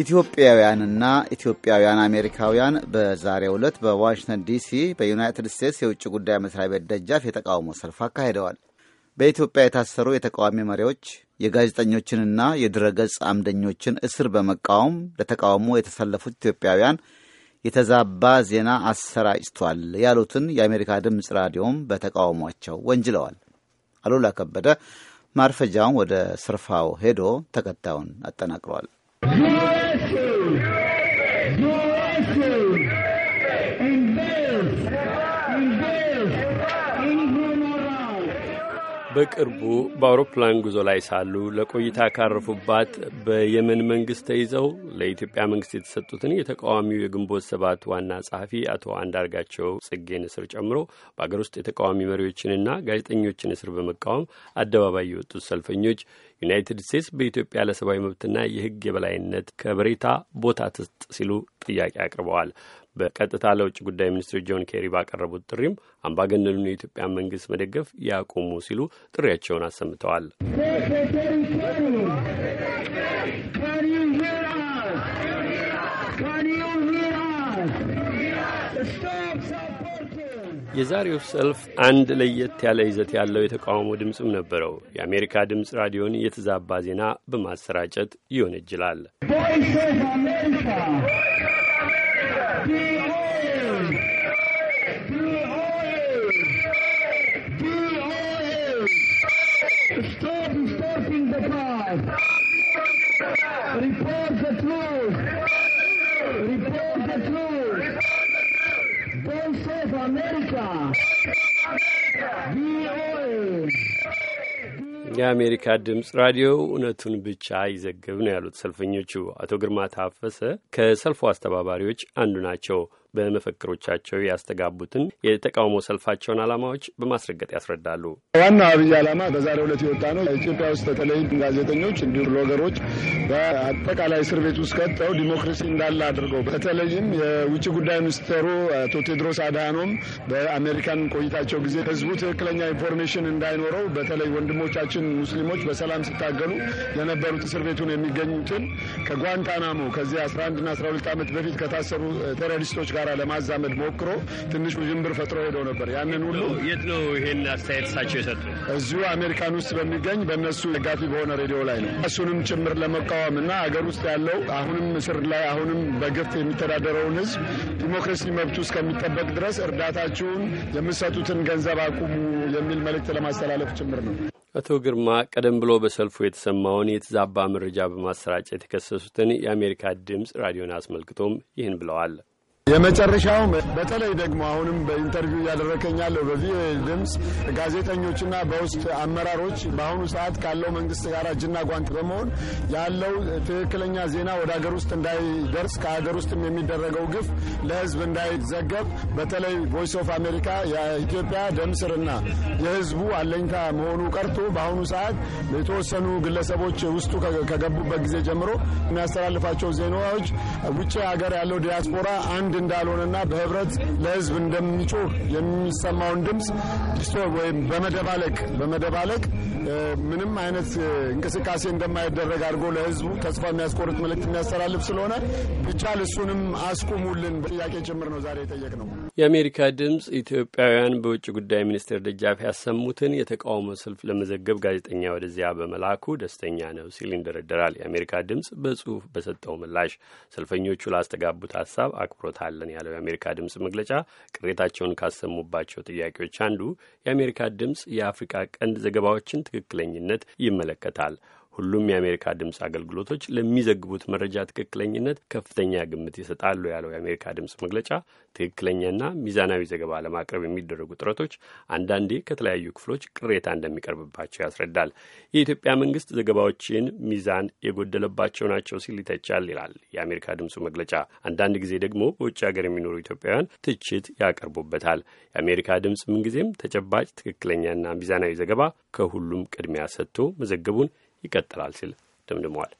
ኢትዮጵያውያንና ኢትዮጵያውያን አሜሪካውያን በዛሬው ዕለት በዋሽንግተን ዲሲ በዩናይትድ ስቴትስ የውጭ ጉዳይ መስሪያ ቤት ደጃፍ የተቃውሞ ሰልፍ አካሂደዋል። በኢትዮጵያ የታሰሩ የተቃዋሚ መሪዎች የጋዜጠኞችንና የድረገጽ አምደኞችን እስር በመቃወም ለተቃውሞ የተሰለፉት ኢትዮጵያውያን የተዛባ ዜና አሰራጭቷል ያሉትን የአሜሪካ ድምፅ ራዲዮም በተቃውሟቸው ወንጅለዋል። አሉላ ከበደ ማርፈጃውን ወደ ስርፋው ሄዶ ተከታዩን አጠናቅሯል። Yeah. በቅርቡ በአውሮፕላን ጉዞ ላይ ሳሉ ለቆይታ ካረፉባት በየመን መንግስት ተይዘው ለኢትዮጵያ መንግስት የተሰጡትን የተቃዋሚው የግንቦት ሰባት ዋና ጸሐፊ አቶ አንዳርጋቸው ጽጌን እስር ጨምሮ በአገር ውስጥ የተቃዋሚ መሪዎችንና ጋዜጠኞችን እስር በመቃወም አደባባይ የወጡት ሰልፈኞች ዩናይትድ ስቴትስ በኢትዮጵያ ለሰብአዊ መብትና የሕግ የበላይነት ከበሬታ ቦታ ትስጥ ሲሉ ጥያቄ አቅርበዋል። በቀጥታ ለውጭ ጉዳይ ሚኒስትር ጆን ኬሪ ባቀረቡት ጥሪም አምባገነኑን የኢትዮጵያ መንግስት መደገፍ ያቆሙ ሲሉ ጥሪያቸውን አሰምተዋል። የዛሬው ሰልፍ አንድ ለየት ያለ ይዘት ያለው የተቃውሞ ድምፅም ነበረው። የአሜሪካ ድምፅ ራዲዮን የተዛባ ዜና በማሰራጨት ይሆን ይወነጅላል። Report the truth. Report the truth. Voice of America. የአሜሪካ ድምፅ ራዲዮ እውነቱን ብቻ ይዘግብ ነው ያሉት ሰልፈኞቹ አቶ ግርማ ታፈሰ ከሰልፉ አስተባባሪዎች አንዱ ናቸው። በመፈክሮቻቸው ያስተጋቡትን የተቃውሞ ሰልፋቸውን ዓላማዎች በማስረገጥ ያስረዳሉ። ዋና አብይ ዓላማ በዛሬው ዕለት የወጣ ነው። ኢትዮጵያ ውስጥ በተለይ ጋዜጠኞች እንዲሁም ብሎገሮች በአጠቃላይ እስር ቤት ውስጥ ከተው ዲሞክራሲ እንዳለ አድርገው በተለይም የውጭ ጉዳይ ሚኒስትሩ አቶ ቴድሮስ አድሃኖም በአሜሪካን ቆይታቸው ጊዜ ህዝቡ ትክክለኛ ኢንፎርሜሽን እንዳይኖረው በተለይ ወንድሞቻችን ሙስሊሞች በሰላም ሲታገሉ የነበሩት እስር ቤቱን የሚገኙትን ከጓንታናሞ ከዚህ 11ና 12 ዓመት በፊት ከታሰሩ ቴሮሪስቶች ጋር ጋር ለማዛመድ ሞክሮ ትንሽ ውዥንብር ፈጥሮ ሄደው ነበር። ያንን ሁሉ የት ነው ይሄን አስተያየት እሳቸው የሰጡ? እዚሁ አሜሪካን ውስጥ በሚገኝ በእነሱ ደጋፊ በሆነ ሬዲዮ ላይ ነው። እሱንም ጭምር ለመቃወም እና አገር ውስጥ ያለው አሁንም እስር ላይ አሁንም በግፍ የሚተዳደረውን ህዝብ ዲሞክራሲ መብቱ እስከሚጠበቅ ድረስ እርዳታችሁን የምሰጡትን ገንዘብ አቁሙ የሚል መልእክት ለማስተላለፍ ጭምር ነው። አቶ ግርማ ቀደም ብሎ በሰልፉ የተሰማውን የተዛባ መረጃ በማሰራጨት የተከሰሱትን የአሜሪካ ድምፅ ራዲዮን አስመልክቶም ይህን ብለዋል። የመጨረሻውም በተለይ ደግሞ አሁንም በኢንተርቪው እያደረከኝ ያለው በቪኦኤ ድምፅ ጋዜጠኞችና በውስጥ አመራሮች በአሁኑ ሰዓት ካለው መንግስት ጋር እጅና ጓንት በመሆን ያለው ትክክለኛ ዜና ወደ ሀገር ውስጥ እንዳይደርስ ከሀገር ውስጥም የሚደረገው ግፍ ለህዝብ እንዳይዘገብ በተለይ ቮይስ ኦፍ አሜሪካ የኢትዮጵያ ደምስርና የህዝቡ አለኝታ መሆኑ ቀርቶ በአሁኑ ሰዓት የተወሰኑ ግለሰቦች ውስጡ ከገቡበት ጊዜ ጀምሮ የሚያስተላልፋቸው ዜናዎች ውጭ ሀገር ያለው ዲያስፖራ አንድ እንዳልሆነና በህብረት ለህዝብ እንደሚጮህ የሚሰማውን ድምፅ ዲስቶር ወይም በመደባለቅ በመደባለቅ ምንም አይነት እንቅስቃሴ እንደማይደረግ አድርጎ ለህዝቡ ተስፋ የሚያስቆርጥ መልእክት የሚያስተላልፍ ስለሆነ ብቻ እሱንም አስቁሙልን ጥያቄ ጭምር ነው ዛሬ የጠየቅ ነው። የአሜሪካ ድምፅ ኢትዮጵያውያን በውጭ ጉዳይ ሚኒስቴር ደጃፍ ያሰሙትን የተቃውሞ ሰልፍ ለመዘገብ ጋዜጠኛ ወደዚያ በመላኩ ደስተኛ ነው ሲል ይንደረደራል። የአሜሪካ ድምፅ በጽሁፍ በሰጠው ምላሽ ሰልፈኞቹ ላስተጋቡት ሀሳብ አክብሮት አለን ያለው የአሜሪካ ድምፅ መግለጫ ቅሬታቸውን ካሰሙባቸው ጥያቄዎች አንዱ የአሜሪካ ድምፅ የአፍሪካ ቀንድ ዘገባዎችን ትክክለኝነት ይመለከታል። ሁሉም የአሜሪካ ድምፅ አገልግሎቶች ለሚዘግቡት መረጃ ትክክለኝነት ከፍተኛ ግምት ይሰጣሉ ያለው የአሜሪካ ድምፅ መግለጫ ትክክለኛና ሚዛናዊ ዘገባ ለማቅረብ የሚደረጉ ጥረቶች አንዳንዴ ከተለያዩ ክፍሎች ቅሬታ እንደሚቀርብባቸው ያስረዳል። የኢትዮጵያ መንግስት ዘገባዎችን ሚዛን የጎደለባቸው ናቸው ሲል ይተቻል ይላል የአሜሪካ ድምፁ መግለጫ። አንዳንድ ጊዜ ደግሞ በውጭ ሀገር የሚኖሩ ኢትዮጵያውያን ትችት ያቀርቡበታል። የአሜሪካ ድምፅ ምንጊዜም ተጨባጭ ትክክለኛና ሚዛናዊ ዘገባ ከሁሉም ቅድሚያ ሰጥቶ መዘገቡን ይቀጥላል ሲል ደምድሟል።